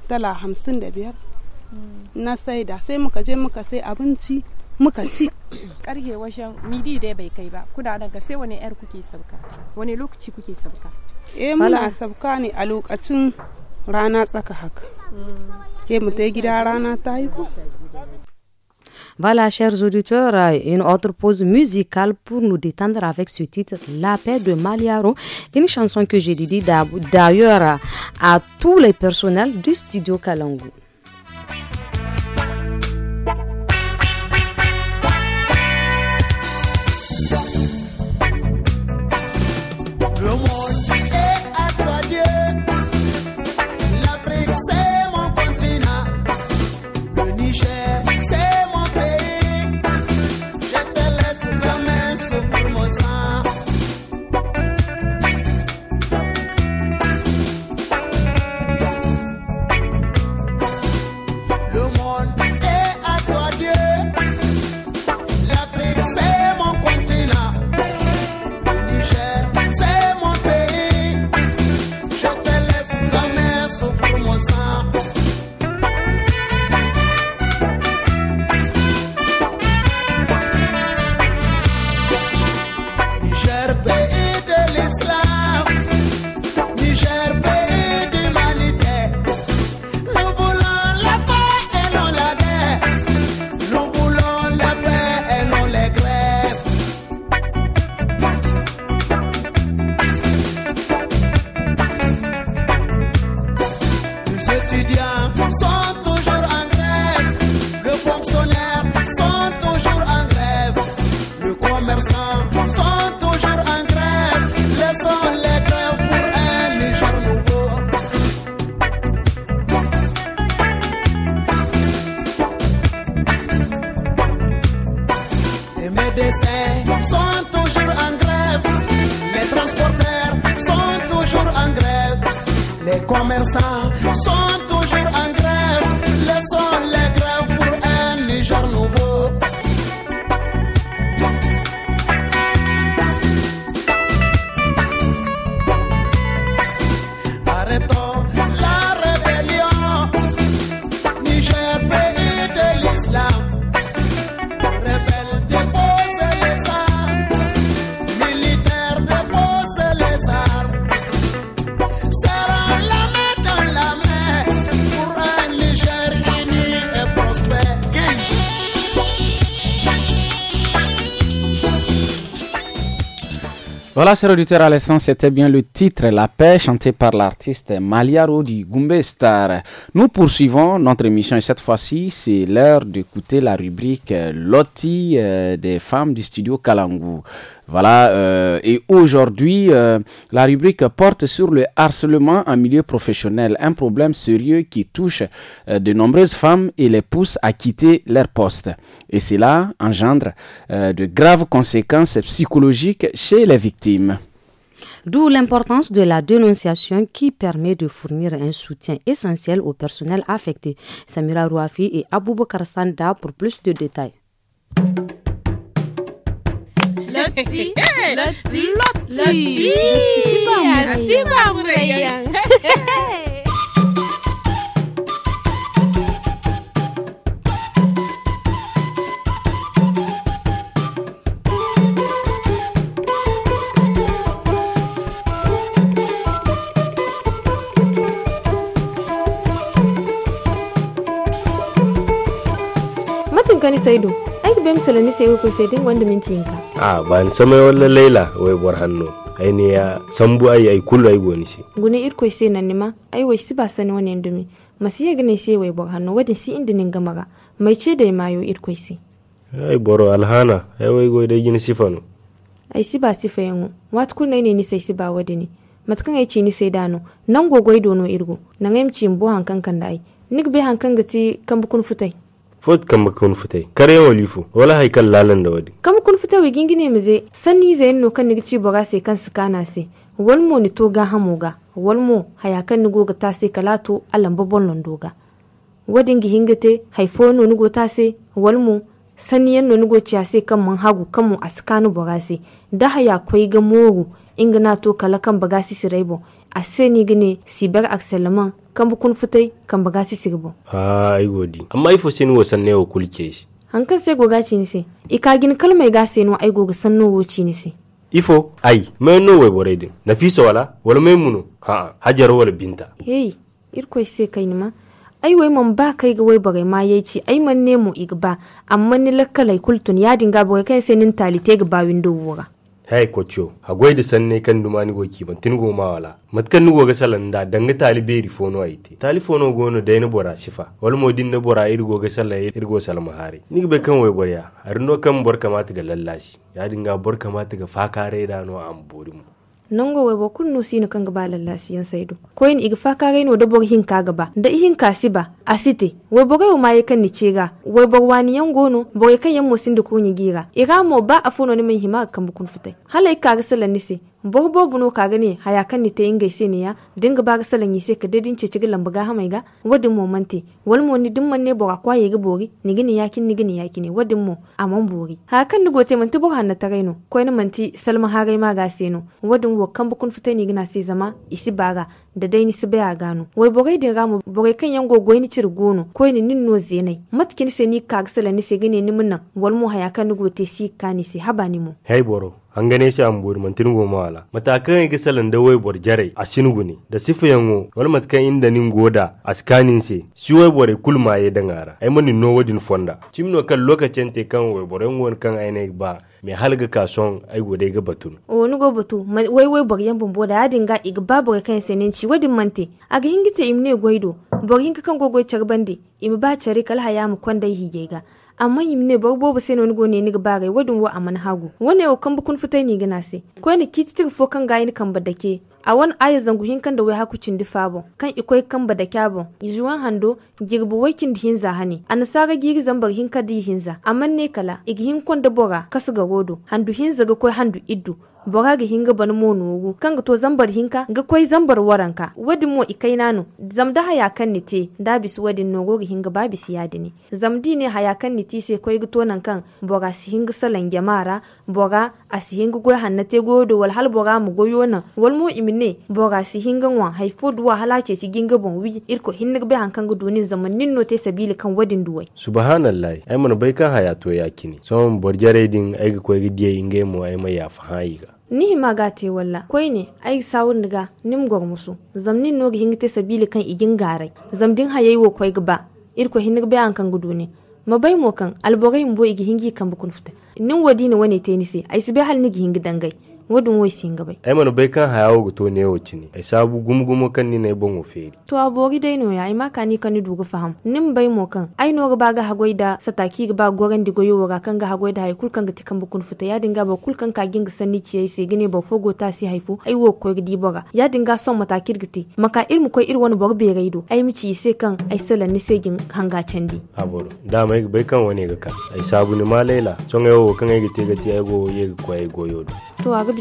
S4: dala hamsin da biyar na saida sai muka je muka sai abinci muka ci
S10: karhe washen midi dai bai kai ba kuna ga sai wani yar kuke sauka
S4: wani lokaci kuke sauka eh muna sauka ne a lokacin rana tsaka haka
S16: eh mu ta gida rana ta yi ko
S4: Voilà,
S1: chers auditeurs, euh, une autre pause musicale pour nous détendre avec ce titre, La paix de Maliaro, une chanson que j'ai dédiée d'ailleurs à tous les personnels du studio Kalangu.
S2: Voilà, c'est auditeur à l'essence, c'était bien le titre La paix chanté par l'artiste Maliaro du Goumbé Star. Nous poursuivons notre émission et cette fois-ci, c'est l'heure d'écouter la rubrique euh, Loti euh, des femmes du studio Kalangu. Voilà, euh, et aujourd'hui, euh, la rubrique porte sur le harcèlement en milieu professionnel, un problème sérieux qui touche euh, de nombreuses femmes et les pousse à quitter leur poste. Et cela engendre de graves conséquences psychologiques chez les victimes.
S1: D'où l'importance de la dénonciation qui permet de fournir un soutien essentiel au personnel affecté. Samira Rouafi et Aboubakar Sanda pour plus de détails.
S3: Loti, loti,
S1: bon, Loti. Loti. Loti.
S9: gani saido aiki bem sala ni sai ko sai din wanda minti inka
S8: a ba ni wala laila wai bor hanno ai ne ya sambu ayi ai kullu ai goni si
S9: guni ir ko sai nan ma ai wai si ba sani wani indumi masu ya gane sai wai bor hanno wadin si inda nin gamaga mai ce da mayo ir ko sai
S8: ai boro alhana ai wai goi dai gini sifano
S9: ai si ba sifa mu wat kunai ne ni sai si ba wadini matkan ai ci ni sai dano nan gogoi dono irgo nan ai mci mbo hankan kan da ai nik be hankan gati kan bukun futai
S8: fot kam kun fute kare walifu wala hay kan lalan da wadi
S9: kam kun fute wi gingine mize sanni zayin no kan nigi boga se kan su kana se mo ni to ga hamoga mo haya kan nigo ga ta se kalato alan babon londoga wadin gi hingate hay no nigo ta se mo sanni yan no nigo ciya se kan man hagu kan mu askanu boga se da haya koi ga moru inga to kala kan baga si a seni gine si bar axellement kan bukun kun futai kan baga si sirbo
S8: ah ai godi amma ifo seni wo sanne wo kulke shi
S9: hankan sai goga ci ni i ika gin kalmai ga seni ai goga sanno wo ci ni sai.
S8: ifo ai mai no wai borai din nafisa wala wala mai muno ha hajar wala binta
S9: hey irko sai kai ni ma ai wai man ba kai ga wai bagai ma yai ci ai man nemo igba amma ni lakkalai kultun ya dinga bagai kai sai nin talite ga ba window wura
S8: kwacho a gwai da sanne kan dumani goki ban tin goma wala matkan nugo ga salan da danga talibe ri fono aiti talifono gono da na bora sifa wal modin na bora iri ga salan iri salma hari ni be kan wai borya arno kan bor kamata ga lallashi ya dinga bor kamata ga fakare da no am mu
S9: nango we bo kunno sino kanga bala la siyan saidu ko iga faka ka gaino da hin hinka gaba da hinka siba asite we bo gayo maye kan ni cega we bo wani yan gono bo kan yan mosin da kunyi gira iga mo ba a ni min hima kan bukun futai halai ka ga nisi bo bo buno ka gane haya kan ni te ingai se ne ya dinga ba ga salan yise ka dadin ce cigilan ha hamai ga wadin mo mante wal mo ni dimman ne bo ga kwaye ga bori ni gini yakin ni gini ne wadin mo amon bori ha kan ni gote manti bo hanna ta gaino ko ni manti salma ha gai ma ga se no wadin wo kan bukun fita ni gina se zama isi baga da dai ni su baya gano wai bogai din gamu bogai kan yan gogo ni cir gono ko ni nin no zenai matkin se ni ka ga salan ni se gine ni munnan wal mo haya kan ni gote si ka ni se haba ni mo
S8: hey boro an gane shi an bori mantin goma wala matakan yi gisalan da wai bor jare a sinugu ne da sifa yango wal matakan inda nin goda a skanin se shi wai bor e kulma ye dangara ai mani no wadin fonda cimno kan lokacin te kan wai bor yango kan aine ba me halga son ai gode ga batun
S9: o ni go batu wai wai bor yan bumbo da adin ga iga babu e kan senin ci wadin mante a ga hingita imne goido bor hinga kan gogo charbande im ba chari kal haya mu kwanda higega amma yimne sai bo se non wani ne ni bare wadun wa aman hagu Wani yau kan bukun futai ni gina se ko ni kititir fo kan gayi ni kan badake a wani aya hin kan da wai hakucin cindi fabo kan ikwai kan ba da kyabo juwan hando girbu wakin da hinza hani a nasara giri zambar hinka di hinza amma ne kala hin kon da bora kasu ga rodo handu hinza ga koi handu iddu boga ga hinga ban mo nugu kanga to zambar hinka ga koi zambar waranka wadi mo ikai nanu zamda haya kan ni te da bisu wadi nugu ga hinga babi siya dini zamdi ne haya kan ni ti se koi ga nan kan boga si hinga salan gemara boga a si hinga te hannate do wal hal boga mu goyo na wal mo imine boga si hinga wan haifo duwa halace ci ginga bon wi irko hinna ga han kan ga donin zamanin no te sabili kan wadin duwai
S8: subhanallahi ai mun bai kan haya to yakini so mun borjare din ai ga koi ga diye inge mo ai mai ya fahayi ga
S9: nihi ma te walla koi ne ai sawun daga nim gog musu zamnin no te sabili kan igin garai zamdin hayai wo koi gba irko hinig bayan kan gudu ne ma kan albogai mbo igi kan bukun fita nin wadi ne wane tenisi ai sibe hal gihin gidan gai wadin wai sin gabai
S8: ai manu bai kan hayawo to ne wacce ne ai sabu gumgumo kan ni ne bon wo feri
S9: to abori dai no ya ai maka ni kan dugu faham nim bai mo kan ai no ga baga hagoi da sataki ga ba goran di goyo ga kan ga hagoi da hai kulkan ga tikan bukun futa ya dinga ba kulkan ka ginga sanni ciye sai gine ba fogo ta si haifu ai wo ko di boga ya dinga son mata kirgiti maka irmu ko ir wani borbe gaido ai mici sai kan ai salan ni sai gin hanga candi
S8: aboro da mai bai kan wani ga ka ai sabu ni ma laila son ayo kan ai gite ga ti ai go ye ko ai goyo
S9: to a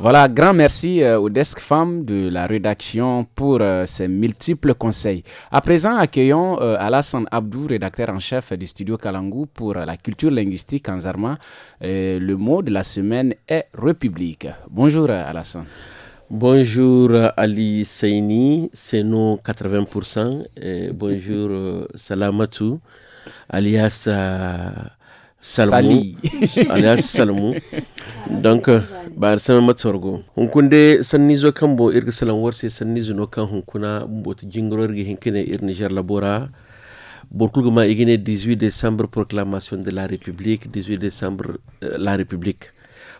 S2: Voilà, grand merci euh, au desk femme de la rédaction pour ses euh, multiples conseils. À présent, accueillons euh, Alassane Abdou, rédacteur en chef du studio Kalangou pour la culture linguistique en Zarma. le mot de la semaine est République.
S15: Bonjour Alassane. Bonjour Ali Seini, c'est nous 80%. Et bonjour Salamatou. alias euh, Sali. alias Salmou. donc bar sama matsorgo hunkunde sanni zo kan bo irga salan warse sanni no kan hunkuna bota jingro gi hinkene ir niger labora borkulguma igine 18 décembre proclamation de la république 18 décembre euh, la république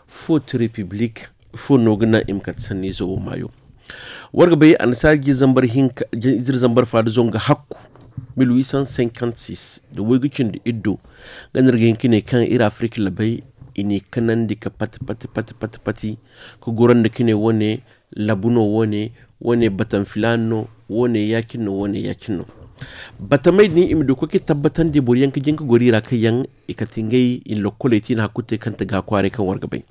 S15: faute république fo nogana imkat nizo zo mayo warga bai an sargi zambar hinka zambar fadu zonga hakku 1856 da wigicin da ido ganar ne kan ira afirka labai ini kanan di ka pati pati pati pati pati da kine wane labuno wane wane batan filano wane yakinno wane yakinno bata mai ni imi da kuke tabbatan da buriyan ka jinka gorira kai yan ikatingai in lokkoleti na kan kanta ga kware kan wargabai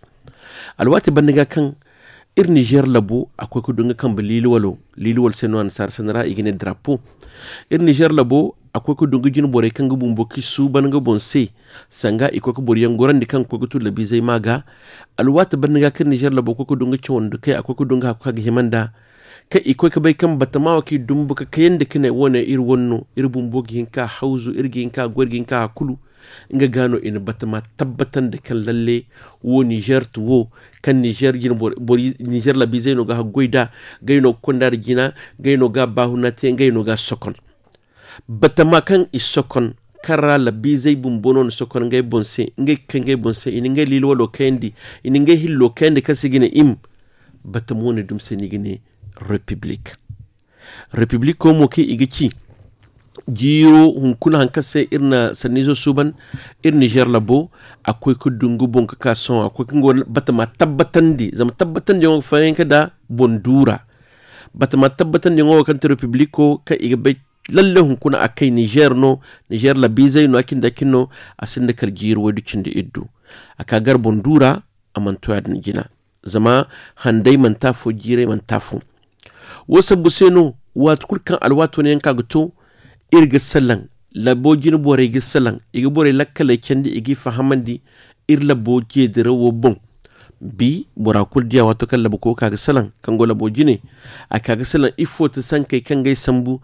S15: alwati bandiga kan ir niger labo akwai kudin ga kan liliwalo liliwal sai nuwan sar sanara igine drapo ir niger labo akwai kudin ga jin bore kan gubun boki su ban ga bonse sanga iko ka boriyan goran di kan kokutu labi zai maga alwata ban ga kan niger labo ko kudin ga cewon da kai akwai kudin ga ka ga himanda ka iko ka bai kan bata mawaki dumbuka kayan da kina wona ir wonno ir bumbogi hinka hauzu irgin ka gwargin ka kulu ga gano ina batama tabbatan da kan lalle wo niger to wo kan niger gina bori niger la no ga goida no kondar gina no ga bahunate no ga sokon batama kan isokon kara la bizai bonon sokon gai bonse ngai gai bonse ini ngai lilwa lo kendi ini ngai hillo kendi kasigine im ne dum senigine republic republic ko mo ke ci. giro hunkuna hankase irna sanizo suban ir niger labo akwai ku dungu bon ka kason akwai kungo bata ma tabbatan di zama tabbatan di wani fayin ka da bondura bata ma tabbatan di wani kan republico ka iga bai lalle hunkuna akai niger no niger labi zai no akin da kinno a sindakar giro wa dukin da iddu a gar bondura a mantuwa da gina zama handai man tafo jire man tafo wasu buseno wa kulkan alwato ne yanka gutu irga salan labojin bore gi salan igi bore lakkale kendi igi fahamandi ir labo jedira wo bon bi bora kul dia wato kan labo ko kaga salan go labo jine a kaga salan ifo ta san kai kan gai sambu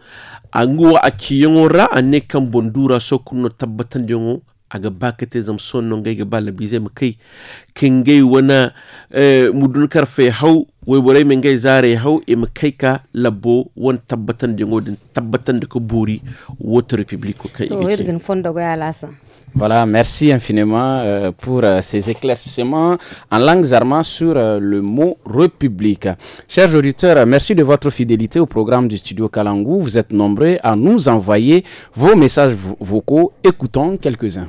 S15: anguwa a kiyongo ra anne kan bondura so kunno tabbatan jongo aga bakate zam sonno non ga bala bi zai mu kai wana eh, mudun karfe hau Voilà,
S2: merci infiniment euh, pour euh, ces éclaircissements en langue zarma sur euh, le mot république. Chers auditeurs, merci de votre fidélité au programme du studio Kalangou. Vous êtes nombreux à nous envoyer vos messages vocaux. Écoutons quelques-uns.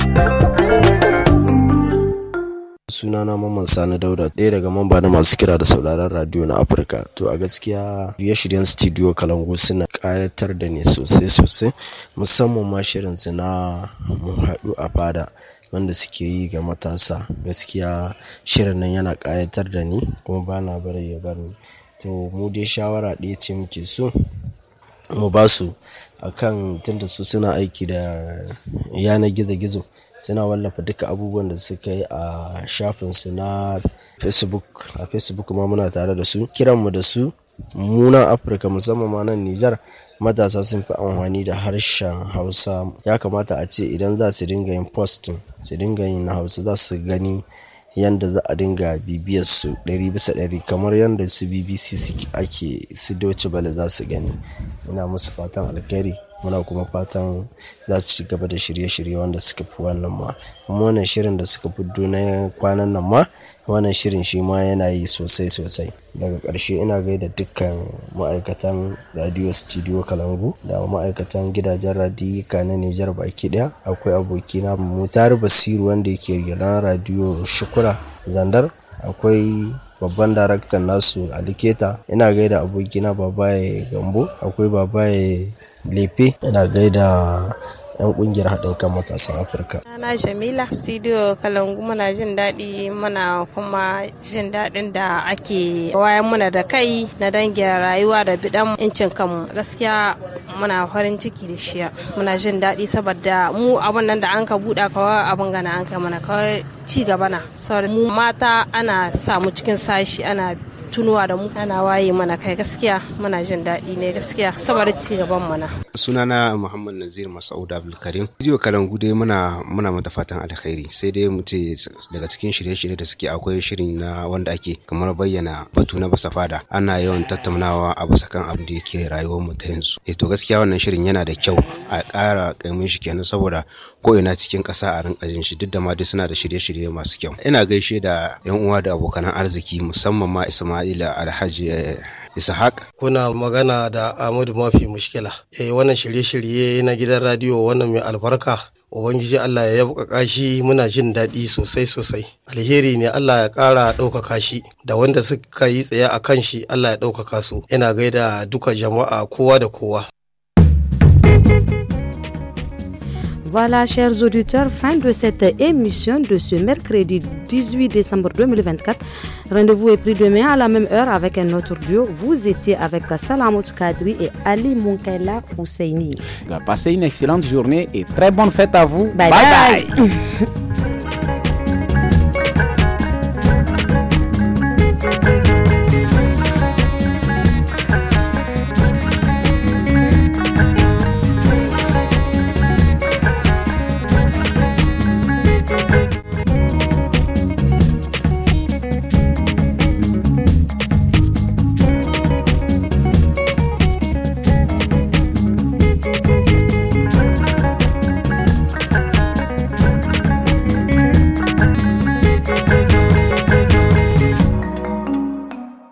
S17: Sunana Mamman Sani Dauda, ɗaya daga mamba na masu kira da sauraron radiyo na Afirka. To a gaskiya shirye-shiryen Studio Kalangu suna ƙayatar da ni sosai sosai, musamman ma shirin su na mu haɗu a fada. wanda suke yi ga matasa gaskiya shirin nan yana ƙayatar da ni kuma ba na bari ya bar ni to mu dai shawara ɗaya ce muke so mu ba su akan tunda su suna aiki da yanar gizo-gizo Suna wallafa duka abubuwan da suka yi a shafin su na Facebook. A Facebook ma muna tare da su. Kiranmu da su mu Afirka musamman ma nan Nijar matasa sun fi amfani da harshen Hausa. Ya kamata a ce idan za su dinga yin post su dinga yin na Hausa za su gani yanda za a dinga bibiyar su ɗari bisa ɗari kamar yanda su BBC ake su doci bala za su gani. Ina musu fatan alkhairi. muna kuma fatan za su ci gaba da shirye-shirye wanda suka fi wannan ma kuma wannan shirin da suka fi na kwanan nan ma wannan shirin shi ma yana yi sosai sosai daga karshe ina gaida dukkan ma'aikatan radio studio kalangu da ma'aikatan gidajen radiyika na nijar baki daya akwai abokina mutar basiru wanda yake gidan radio shukura zandar akwai babban daraktan nasu aliketa ina gaida abokina babaye gambo akwai babaye lefe ina gaida 'yan kungiyar haɗin kan matasan afirka
S5: na jamila studio kalangu muna jin daɗi muna kuma jin daɗin da ake wayan muna da kai na dangin rayuwa da bidan incin kanmu gaskiya muna farin ciki da shiya muna jin daɗi saboda mu abin nan da an ka buɗa kawai abin gana an kai mana kawai ci gaba na mu mata ana samu cikin sashi ana tunuwa da mu ana waye mana kai gaskiya muna jin daɗi ne gaskiya saboda ci gaban mana
S8: sunana muhammad nazir masaud abdulkarim bidiyo kalangu dai muna muna mata fatan alkhairi sai dai mu ce daga cikin shirye-shirye da suke akwai shirin na wanda ake kamar bayyana batu na basa fada ana yawan tattaunawa a bisa kan abin da yake rayuwar mu ta yanzu eh to gaskiya wannan shirin yana da kyau a kara kaimin shi kenan saboda ko ina cikin ƙasa a rinka jin shi duk da ma dai suna da shirye-shirye masu kyau ina gaishe da yan uwa da abokan arziki musamman ma isma Ismaila Alhaji eh, Ishaq. Kuna magana
S17: da Ahmadu Mafi Mushkila. Eh wannan shirye-shirye na gidan radiyo wannan mai albarka. Ubangiji Allah ya yabuka shi muna jin daɗi sosai sosai. Alheri ne Allah ya ƙara ɗaukaka shi da wanda suka yi tsaye a kan shi Allah ya ɗaukaka su. Ina gaida duka jama'a kowa da kowa.
S1: Voilà, chers auditeurs, fin de cette émission de ce mercredi 18 décembre 2024. Rendez-vous est pris demain à la même heure avec un autre duo. Vous étiez avec Salamot
S2: Kadri et Ali Munkaila Ousseini. Passez une excellente journée et très bonne fête à vous. bye. bye.